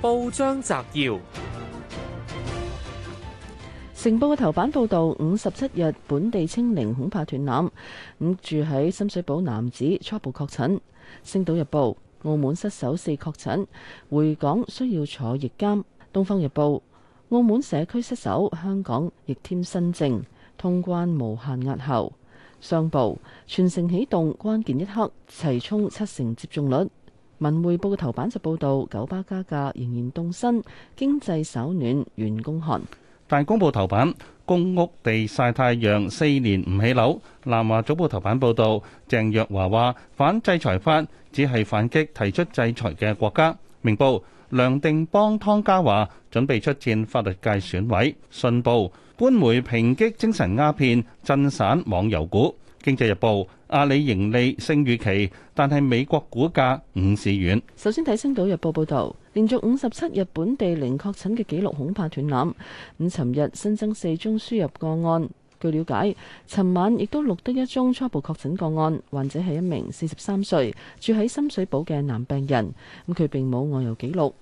報章摘要：成報嘅頭版報道，五十七日本地清零恐怕斷纜。居住喺深水埗男子初步確診。星島日報：澳門失手四確診，回港需要坐翼監。東方日報：澳門社區失守，香港亦添新症，通關無限押後。商報：全城啟動關鍵一刻，齊衝七成接種率。文匯報嘅頭版就報道九巴加價仍然凍薪，經濟稍暖，員工寒。但大公報頭版，公屋地曬太陽四年唔起樓。南華早報頭版報道，鄭若驊話反制裁法只係反擊提出制裁嘅國家。明報梁定邦湯家驊準備出戰法律界選委。信報官媒抨擊精神鴉片，震散網遊股。經濟日報阿里盈利勝預期，但係美國股價五市軟。首先睇《星島日報》報道，連續五十七日本地零確診嘅紀錄恐怕斷纜。咁，尋日新增四宗輸入個案。據了解，尋晚亦都錄得一宗初步確診個案，患者係一名四十三歲住喺深水埗嘅男病人，咁佢並冇外遊記錄。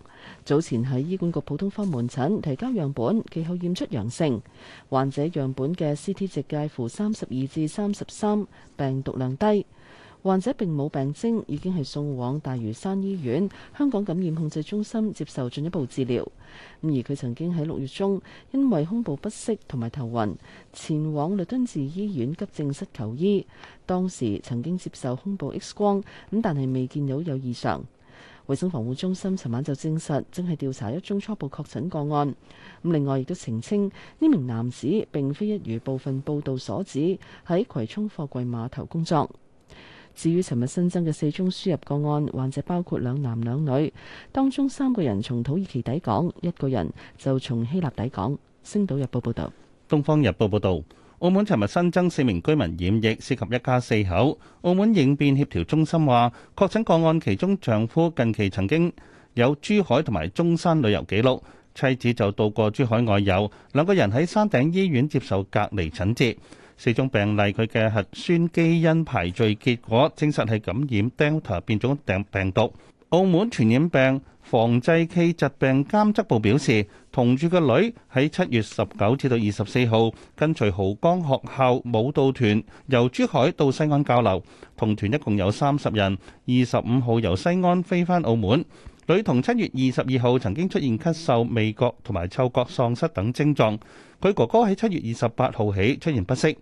早前喺醫管局普通科門診提交樣本，其後驗出陽性。患者樣本嘅 CT 值介乎三十二至三十三，33，病毒量低。患者並冇病徵，已經係送往大嶼山醫院香港感染控制中心接受進一步治療。而佢曾經喺六月中因為胸部不適同埋頭暈，前往律敦治醫院急症室求醫。當時曾經接受胸部 X 光，咁但係未見到有、有異常。衛生防護中心尋晚就證實，正係調查一宗初步確診個案。咁另外亦都澄清，呢名男子並非一如部分報道所指喺葵涌貨櫃碼頭工作。至於尋日新增嘅四宗輸入個案，患者包括兩男兩女，當中三個人從土耳其抵港，一個人就從希臘抵港。星島日報報道。東方日報報道。澳門尋日新增四名居民染疫，涉及一家四口。澳門應變協調中心話，確診個案其中丈夫近期曾經有珠海同埋中山旅遊記錄，妻子就到過珠海外遊，兩個人喺山頂醫院接受隔離診治。四宗病例佢嘅核酸基因排序結果證實係感染 Delta 變種病毒。澳門傳染病防治暨疾病監測部表示。同住個女喺七月十九至到二十四號跟隨濠江學校舞蹈團由珠海到西安交流，同團一共有三十人。二十五號由西安飛返澳門，女童七月二十二號曾經出現咳嗽、味覺同埋嗅覺喪失等症狀。佢哥哥喺七月二十八號起出現不適，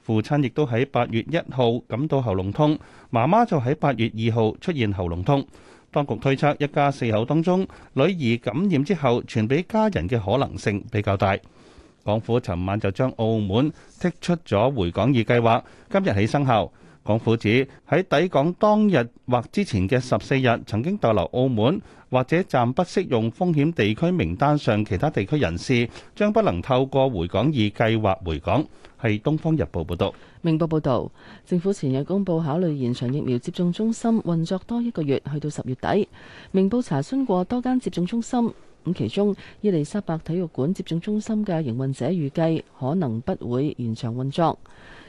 父親亦都喺八月一號感到喉嚨痛，媽媽就喺八月二號出現喉嚨痛。當局推測，一家四口當中，女兒感染之後傳俾家人嘅可能性比較大。港府尋晚就將澳門剔出咗回港易計劃，今日起生效。港府指喺抵港當日或之前嘅十四日曾經逗留澳門或者暫不適用風險地區名單上其他地區人士，將不能透過回港易計劃回港。係東方日報報道，《明報》報道，政府前日公布考慮延長疫苗接種中心運作多一個月，去到十月底。明報查詢過多間接種中心，咁其中伊利沙伯體育館接種中心嘅營運者預計可能不會延長運作。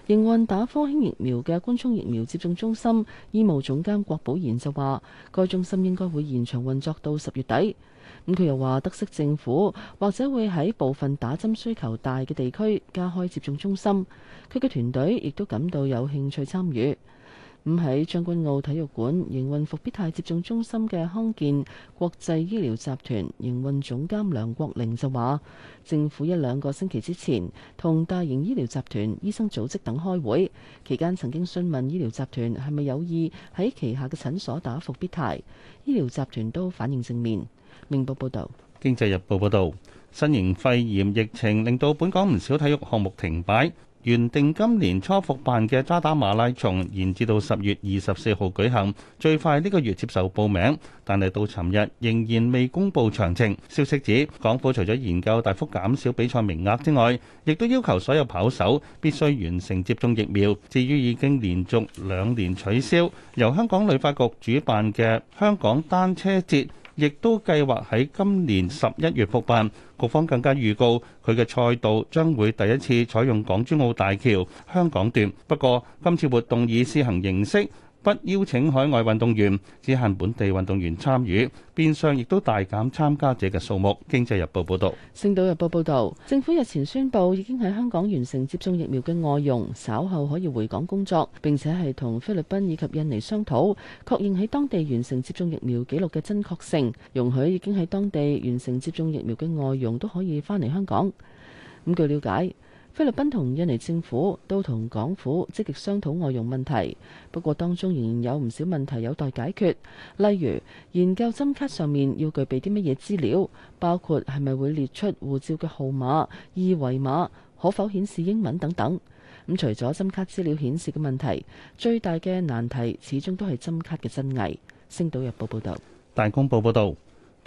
營運打科興疫苗嘅官涌疫苗接種中心醫務總監郭寶賢就話，該中心應該會延長運作到十月底。咁佢又話，得悉政府或者會喺部分打針需求大嘅地區加開接種中心，佢嘅團隊亦都感到有興趣參與。咁喺將軍澳體育館營運復必泰接種中心嘅康健國際醫療集團營運總監梁國寧就話，政府一兩個星期之前同大型醫療集團、醫生組織等開會，期間曾經詢問醫療集團係咪有意喺旗下嘅診所打復必泰，醫療集團都反應正面。明報報道，經濟日報報道，新型肺炎疫情令到本港唔少體育項目停擺。原定今年初復辦嘅渣打馬拉松延至到十月二十四號舉行，最快呢個月接受報名，但係到尋日仍然未公布詳情。消息指，港府除咗研究大幅減少比賽名額之外，亦都要求所有跑手必須完成接種疫苗。至於已經連續兩年取消，由香港旅發局主辦嘅香港單車節，亦都計劃喺今年十一月復辦，局方更加預告佢嘅賽道將會第一次採用港珠澳大橋香港段，不過今次活動以試行形式。不邀請海外運動員，只限本地運動員參與，變相亦都大減參加者嘅數目。經濟日報報導，星島日報報導，政府日前宣布，已經喺香港完成接種疫苗嘅外傭，稍後可以回港工作，並且係同菲律賓以及印尼商討，確認喺當地完成接種疫苗記錄嘅真確性，容許已經喺當地完成接種疫苗嘅外傭都可以返嚟香港。咁據了解，菲律賓同印尼政府都同港府積極商討外傭問題，不過當中仍然有唔少問題有待解決，例如研究針卡上面要具備啲乜嘢資料，包括係咪會列出護照嘅號碼、二維碼，可否顯示英文等等。咁除咗針卡資料顯示嘅問題，最大嘅難題始終都係針卡嘅真偽。星島日報報道。大公報報道。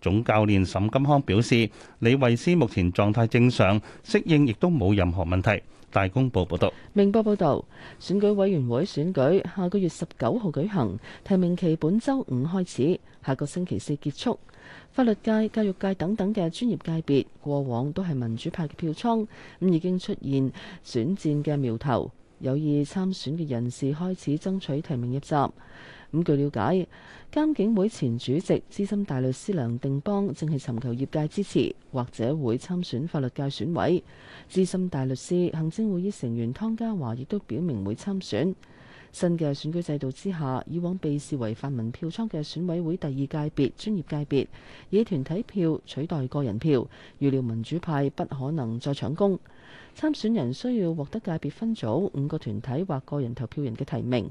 總教練沈金康表示，李慧詩目前狀態正常，適應亦都冇任何問題。大公報報道，明報報道，選舉委員會選舉下個月十九號舉行，提名期本週五開始，下個星期四結束。法律界、教育界等等嘅專業界別，過往都係民主派嘅票倉，咁已經出現選戰嘅苗頭，有意參選嘅人士開始爭取提名入閘。咁據了解，監警會前主席資深大律師梁定邦正係尋求業界支持，或者會參選法律界選委。資深大律師、行政會議成員湯家驊亦都表明會參選。新嘅選舉制度之下，以往被視為泛民票倉嘅選委會第二界別專業界別，以團體票取代個人票，預料民主派不可能再搶攻。參選人需要獲得界別分組五個團體或個人投票人嘅提名。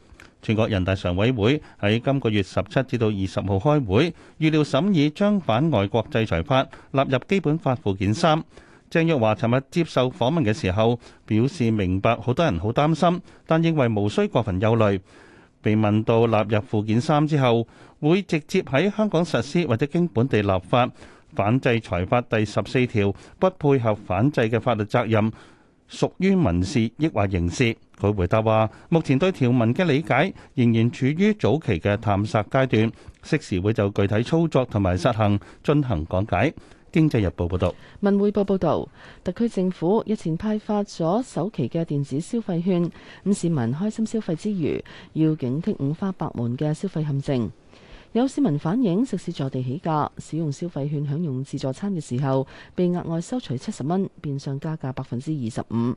全國人大常委會喺今個月十七至到二十號開會，預料審議將反外國制裁法納入基本法附件三。鄭若驊尋日接受訪問嘅時候表示，明白好多人好擔心，但認為無需過分憂慮。被問到納入附件三之後，會直接喺香港實施，或者經本地立法反制裁法第十四條不配合反制嘅法律責任。屬於民事抑或刑事？佢回答話：目前對條文嘅理解仍然處於早期嘅探索階段，適時會就具體操作同埋實行進行講解。經濟日報報導，文匯報報導，特區政府日前派發咗首期嘅電子消費券，咁市民開心消費之餘，要警惕五花八門嘅消費陷阱。有市民反映，食肆坐地起價，使用消費券享用自助餐嘅時候，被額外收取七十蚊，變相加價百分之二十五。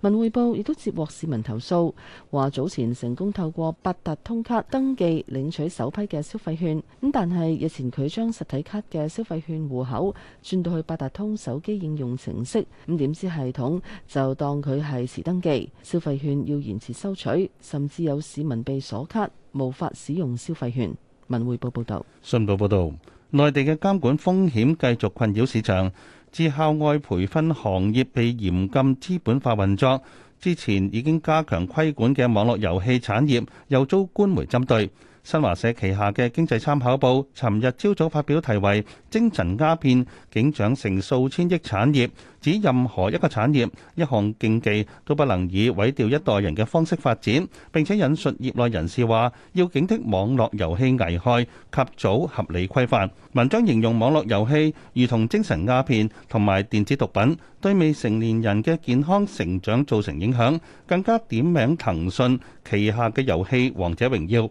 文匯報亦都接獲市民投訴，話早前成功透過八達通卡登記領取首批嘅消費券，咁但係日前佢將實體卡嘅消費券戶口轉到去八達通手機應用程式，咁點知系統就當佢係遲登記，消費券要延遲收取，甚至有市民被鎖卡，無法使用消費券。文匯報報道，信報報道，內地嘅監管風險繼續困擾市場，至校外培訓行業被嚴禁資本化運作，之前已經加強規管嘅網絡遊戲產業又遭官媒針對。新華社旗下嘅《經濟參考報》尋日朝早發表題為《精神鴉片竟長成數千億產業》，指任何一個產業、一項競技都不能以毀掉一代人嘅方式發展。並且引述業內人士話要警惕網絡遊戲危害，及早合理規範。文章形容網絡遊戲如同精神鴉片同埋電子毒品，對未成年人嘅健康成長造成影響，更加點名騰訊旗下嘅遊戲《王者榮耀》。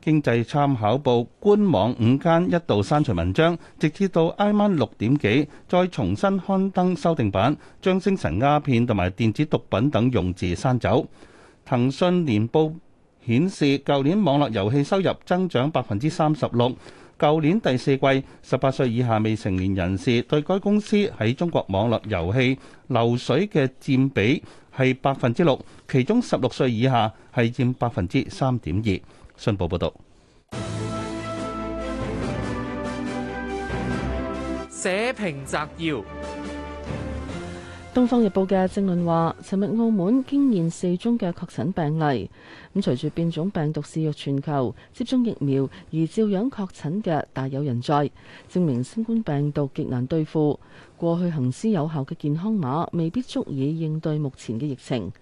經濟參考報官網午間一度刪除文章，直至到挨晚六點幾再重新刊登修訂版，將「精神鴉片」同埋電子毒品等用字刪走。騰訊年報顯示，舊年網絡遊戲收入增長百分之三十六。舊年第四季，十八歲以下未成年人士對該公司喺中國網絡遊戲流水嘅佔比係百分之六，其中十六歲以下係佔百分之三點二。新報報道，社評摘要：東方日報嘅政論話，尋日澳門驚現四宗嘅確診病例，咁隨住變種病毒肆虐全球，接種疫苗而照樣確診嘅大有人在，證明新冠病毒極難對付。過去行之有效嘅健康碼未必足以應對目前嘅疫情。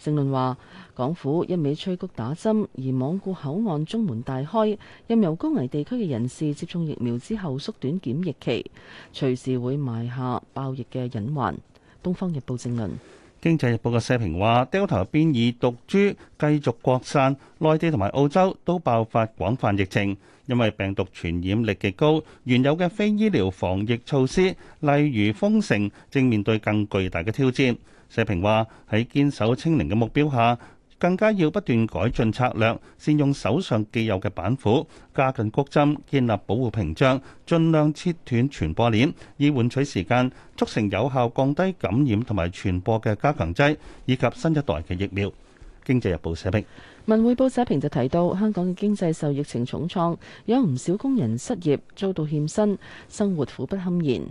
評論話，港府一味催谷打針，而罔顧口岸中門大開，任由高危地區嘅人士接種疫苗之後縮短檢疫期，隨時會埋下爆疫嘅隱患。《東方日報》評論，《經濟日報》嘅社評話，Delta 變異毒株繼續擴散，內地同埋澳洲都爆發廣泛疫情，因為病毒傳染力極高，原有嘅非醫療防疫措施，例如封城，正面對更巨大嘅挑戰。社評話喺堅守清零嘅目標下，更加要不斷改進策略，善用手上既有嘅板斧，加緊谷針，建立保護屏障，盡量切斷傳播鏈，以換取時間，促成有效降低感染同埋傳播嘅加強劑以及新一代嘅疫苗。《經濟日報》社評，《文匯報》社評就提到，香港嘅經濟受疫情重創，有唔少工人失業，遭到欠薪，生活苦不堪言。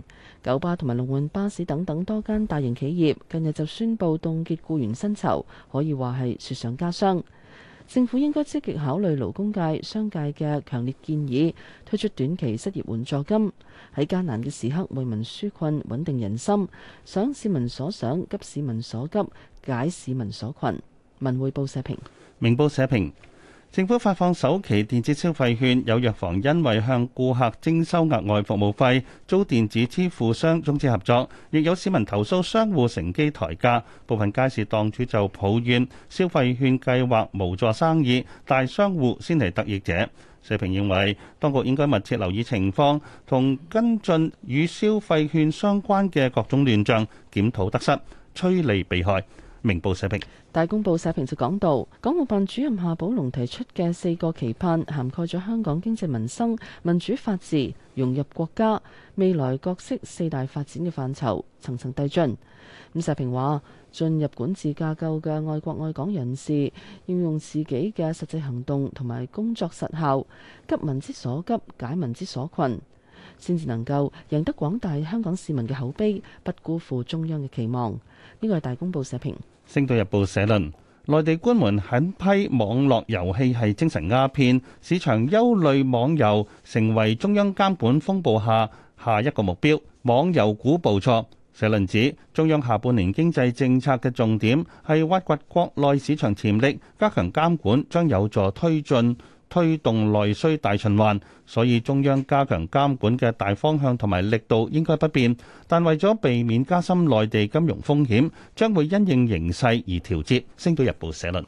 九巴同埋龍運巴士等等多間大型企業近日就宣布凍結僱員薪酬，可以話係雪上加霜。政府應該積極考慮勞工界、商界嘅強烈建議，推出短期失業援助金，喺艱難嘅時刻為民紓困、穩定人心，想市民所想、急市民所急、解市民所困。文匯報社評，明報社評。政府發放首期電子消費券，有藥房因為向顧客徵收額外服務費，遭電子支付商中止合作；亦有市民投訴商戶乘機抬價，部分街市檔主就抱怨消費券計劃無助生意，大商戶先嚟得益者。社評認為，當局應該密切留意情況，同跟進與消費券相關嘅各種亂象，檢討得失，趨利避害。明報社評大公報社評就講到，港澳辦主任夏寶龍提出嘅四個期盼，涵蓋咗香港經濟民生、民主法治、融入國家未來角色四大發展嘅範疇，層層遞進。咁社評話，進入管治架構嘅愛國愛港人士，要用自己嘅實際行動同埋工作實效，急民之所急，解民之所困，先至能夠贏得廣大香港市民嘅口碑，不辜負中央嘅期望。呢、這個係大公報社評。《星島日報》社論：內地官員狠批網絡遊戲係精神鴉片，市場憂慮網遊成為中央監管風暴下下一個目標。網遊股暴挫。社論指中央下半年經濟政策嘅重點係挖掘國內市場潛力，加強監管將有助推進。推動內需大循環，所以中央加強監管嘅大方向同埋力度應該不變，但為咗避免加深內地金融風險，將會因應形勢而調節。星島日報社論。